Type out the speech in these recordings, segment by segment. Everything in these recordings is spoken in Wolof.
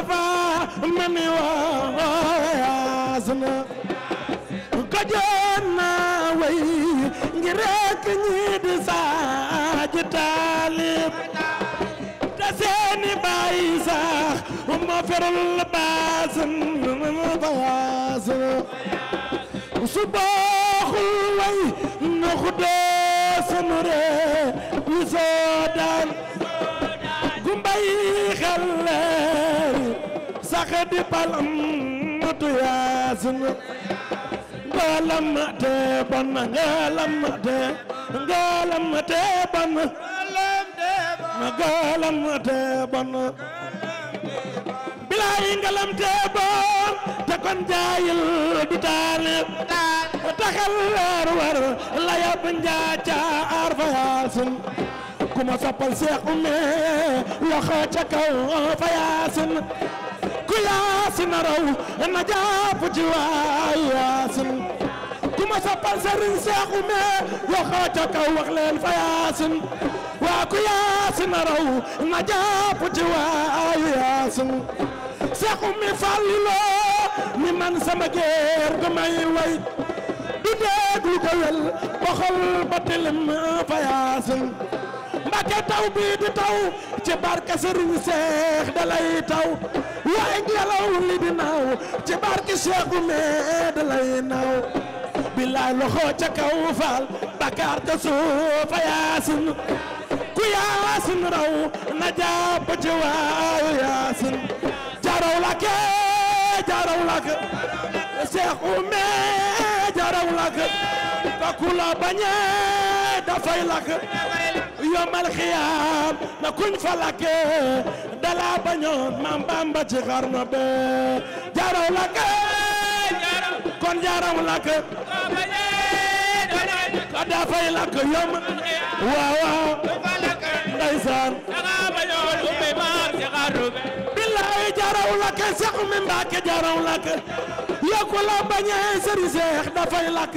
Mustafa mani wa yaasna ko joona way ngi rek ñi di saaj taalib te seeni baay sax ma ferul baasin ba yaasna su baaxul way na xudoo sunu ree di balam matu yaasin nga te bon nga lam te bon te bon bilaay nga lam te bon te kon la yab njaa ca fa yaasin ku ma soppal seex umme loxo ca kaw fa yaasin yaasin raw na jàpp ci waay yaasin ku ma soppal sëriñ seexu me waxoo ca kaw wax leen fa yaasin waa ku yaasin raw na jàpp ci waay yaasin seexu mi fàlliloo mi man sama géer ga may way du déglu ko wel ba xol ba tilim fa yaasin Mbàkke taw bi di taw ci barke Serigne Seex da lay taw waaye ngelaw li di naaw ci barke Seexu mee da lay naaw billaay loxo ca kaw faal bakaar ca suufa yaasin ku yaasin raw na jàpp ci waayu yaasin jaraw la ke jaraw la ke Seexu mee jaraw la ke ka ku la bañee dafay la ke yomal xiyaam na kuñ falake dala bañoon maam Bamba ci xarnu be jaaraw lakk kon jaaraw lakk ka dafay lakk yom waaw waaw ndeysaan dala bañoon ummi maam ci xarnu be billaay jaaraw lakk lakk bañee sëriñ Seex dafay lakk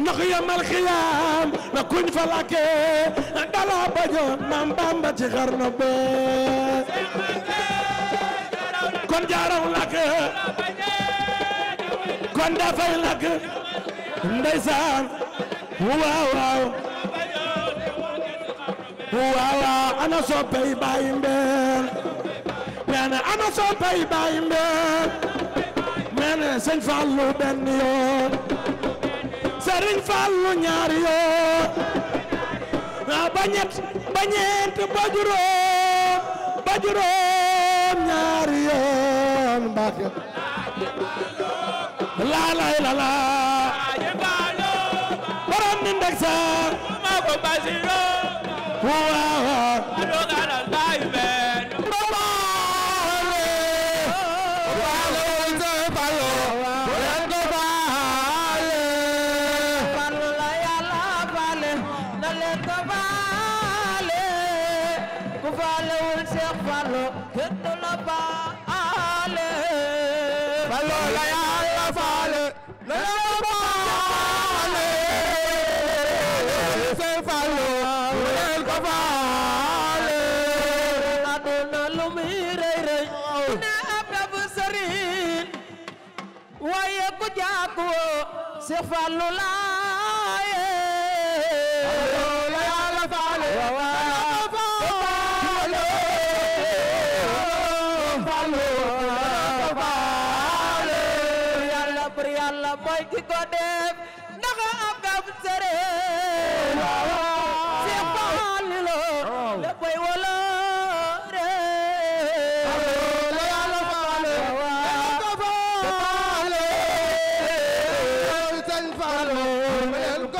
ndax yamal xiyaam na kuñ fa lakke dala bañoon maam Bamba ci xarna be kon jaaraw lakk kon dafay lakk ndeysaan waaw waaw waaw ana soppey baay mbeen meene ana soppey baay mbeen meene sëñ Fallu benn yoon Sëriñ lay ah, la lu muy rëy rëy ne ab dafa sori waaye ku jàkku si Fallu laaye la Yàlla faale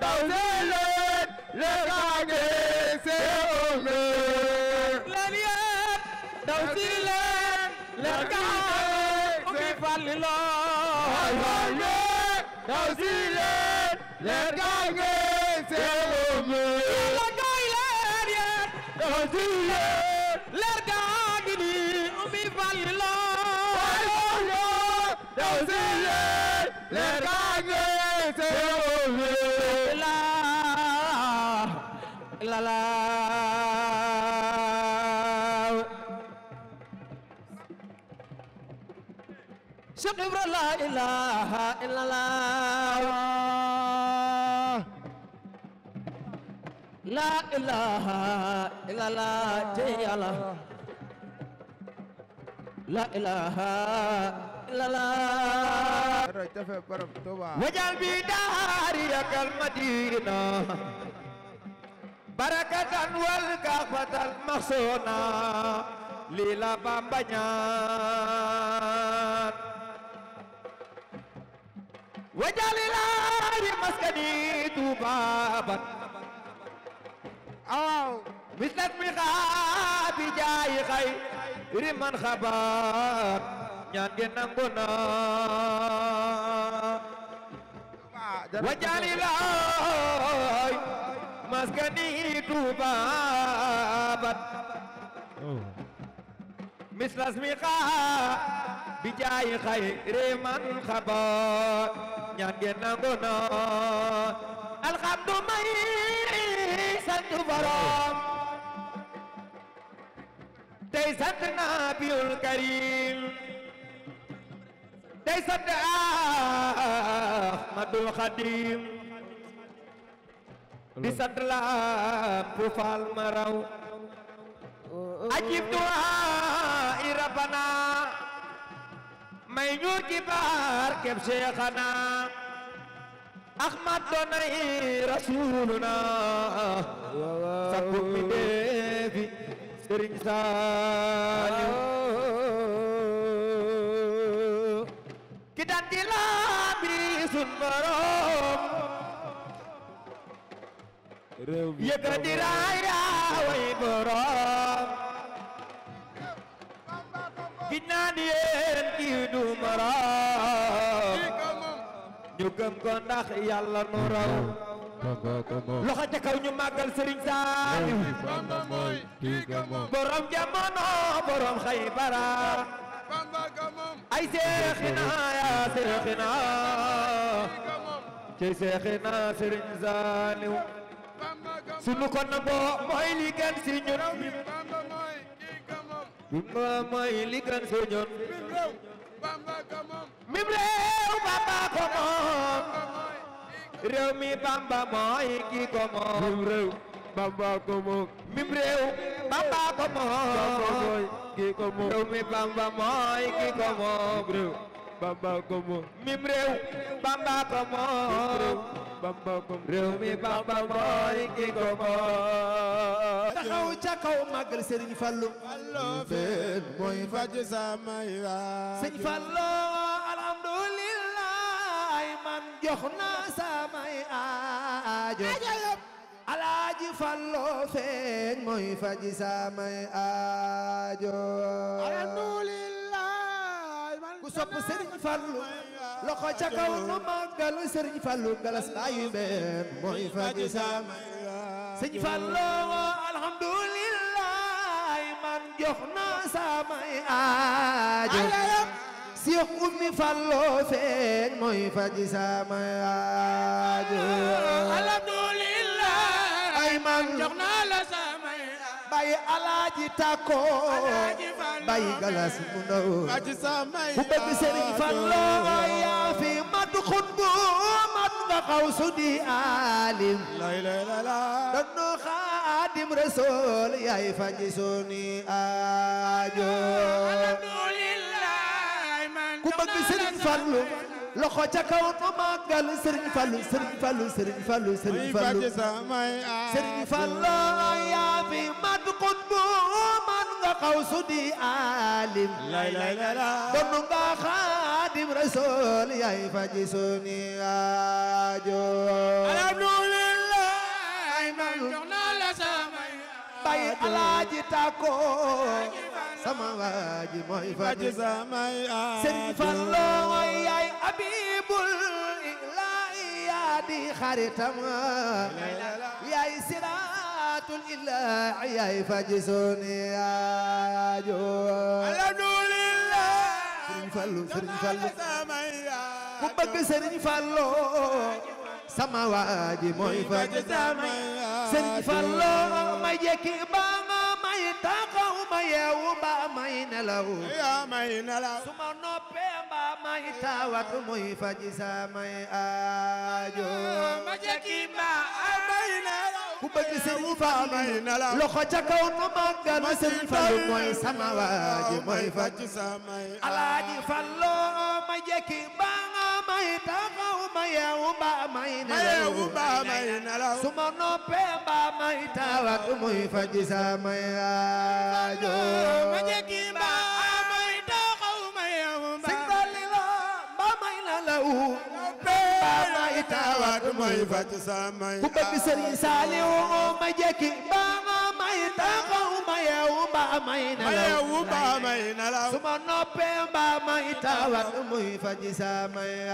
Don't let, let go. illallah Cheikh Ibra la ilaha illallah la ilaha illallah jeyala la ilaha illallah wajal bi daari yakal madina barakatan wal kaafatan lii la Bamba ñaan wajalilaahi maskani tubaaban aw mislas mi xaabi jaay xay riman xabaar ñaan ge nangu na maskani Touba abad oh. mislas mi xaa bi jaay xayri man xabaat ñaan ngeen nangu na alxamdu may sant borom tey sant nabiyul karim tey sant ahmadul xadim di sant la faal ma raw ajib duwaa i rabbana may ñu ci barkeb seexana ahmad doonay rasuluna sakku mi deefi sëriñ saaliw ki daan di laabi sun borom yëkkati raay raaway borom gis naa ni yéen kii du morom ñu gëm ko ndax yàlla nu raw loxo ca kaw ñu màggal Serigne Saliou borom jamono borom Xaybara ay seexina yaa seexina ci seexina Serigne Saliou sunu ko nangoo mooy li gën si ñun bamba mooy li gën si ñun bamba ko moom réew mi bamba bamba ko moom mim réew bamba bamba mooy moom réew bamba ko bamba ko moom réew mi Bamba mooy ki ko moom taxaw ca kaw màggal Serigne Fallou Fallou feen mooy faj sama yaa Serigne Fallou alhamdulillah man jox na samay aajo Alaaji Fallou feen mooy faj samay aajo alhamdulillah man ku sopp Serigne Fallou loxo ca kaw nu màggal Sëriñ Fallu galas bàyyi benn mooy fadi sam man jox na samay aajo Seex Ummi Fallu feeñ mooy fadi samay aajo alhamdulillah ay man jox na la samay bay alaaji takko bay galas mu ndaw ku bëgg Sëriñ xawsu di alim danno xaadim rasul yaay faji suni aajo ku bëgg sëriñ fallu loxo ca kaw nu màggal sëriñ fallu sëriñ fallu sëriñ fallu sëriñ fallu sëriñ fallu yaa fi mat qutbu man nga xawsu di alim donnu nga xaa xaadim rasuul yaay faji sunu aajo alhamdulillah man jox naa la samay bay alaaji sama waaji mooy faji samay aajo Sëriñ Fallu yaay abibul ilaahi yaa di xaritam yaay siraatul ilaahi yaay faji sunu aajo Serigne Fallou Serigne Fallou ku bëgg Serigne faj sama Serigne Fallou ma jekki ba ma may taxaw ma yeewu ba may nelaw may nelaw su ma may taawat mooy faj sama may nelaw ku bëgg ca kaw nu màggal Serigne Fallou mooy sama waaji mooy faj samay alaaji Fallou ma jekki ba nga may taxaw ma yeewu ba may nelaw su ma noppee ba may tawat muy faj samay aajo may faj sa may ku bëgg sëriñ Saaliw ma jekki ba ma may taxaw ma yeewu ba may nalaw ba may nalaw su ma noppee ba may tawat muy faj sa may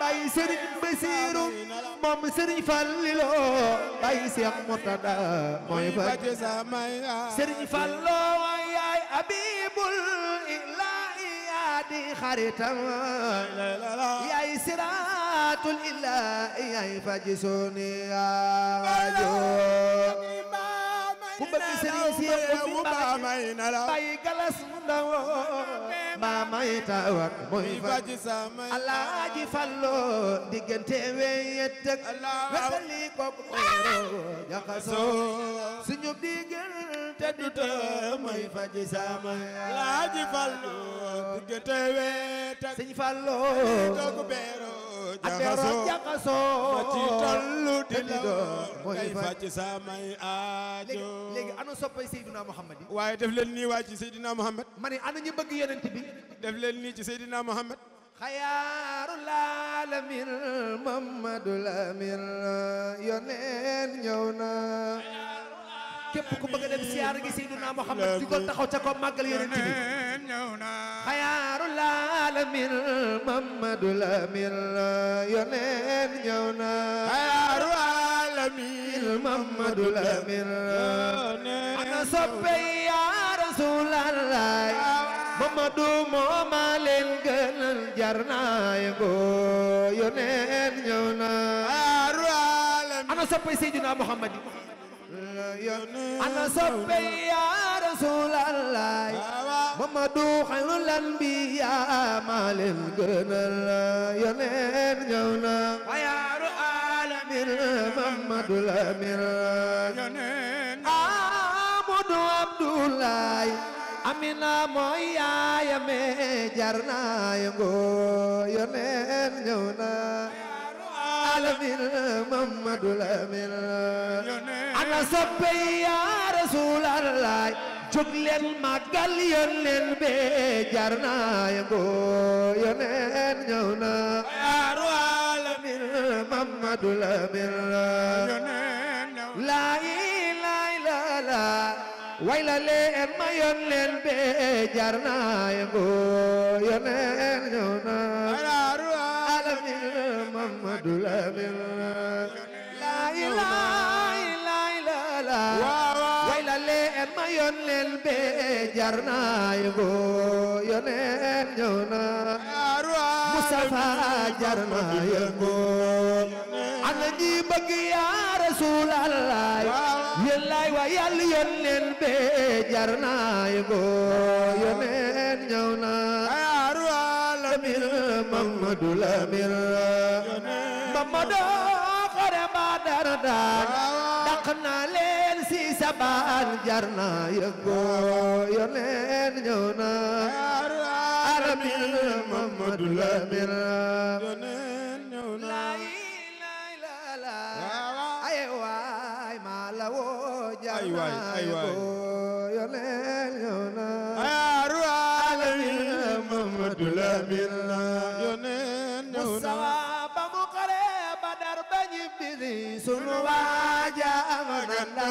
bay sëriñ Basiiru moom sëriñ Fallilu bay Seex Murtada mooy faj sa may sëriñ Fallo yaay Abibul Ila di xaritam yaay siraatul ilaahi yaay faji suni aajo ku bëgg sëriñ si yëpp may na la bay galas mu ndaw maa may tawat muy faji sama alaaji fallo diggante weyet ak wetali ko ko jaxasoo jub digal te du të may faji sama laaji fallu diggante weet ak sëñ fallu doogu beero jaxaso ma ci tollu di door may faji samay aajo léegi anu soppay Seydina Muhammad waaye def leen nii waay ci Seydina Muhammad ma ne anu ñu bëgg yonent bi def leen nii ci Seydina Muhammad xayaarul alamin Muhammadul amin yoneen ñëw képp ku bëgg a dem siyaar gi Seydina Muhammad jugal taxaw ca ko màggal yonent bi naa ana soppe ya rasulallah Mamadu xayrul anbiya maa leen gënal yoneen ñëw na xayaaru alamin Mamadu lamin yoneen Amadu Abdullahi Amina mooy yaayame jar naa yëngo yoneen ñëw na alamin Mamadu lamin ana soppe ya rasulallah wayla leen ma yoon leen be jar na yëngu yoneen ñëw na yaaru alamin Mamadu yónneel be jar naa yëngoo yónneel ñëw na Mustafa jar naa yëngoo ana ñi bëgg yaa Rasulallah yéen laay wa yàlla yónneel be jar naa yëngoo yónneel ñëw na Lamir Mamadou Lamir Mamadou xore ba dara daan dàq naa leen sabaan jar na yëgoo yoneen ñëw na aramin Mamadu Lamin yoneen ñëw na lay lay la ay waay ma la woo jar na yëgoo yoneen ñëw na aramin Mamadu Lamin yoneen ñëw na sunu waaja amaganda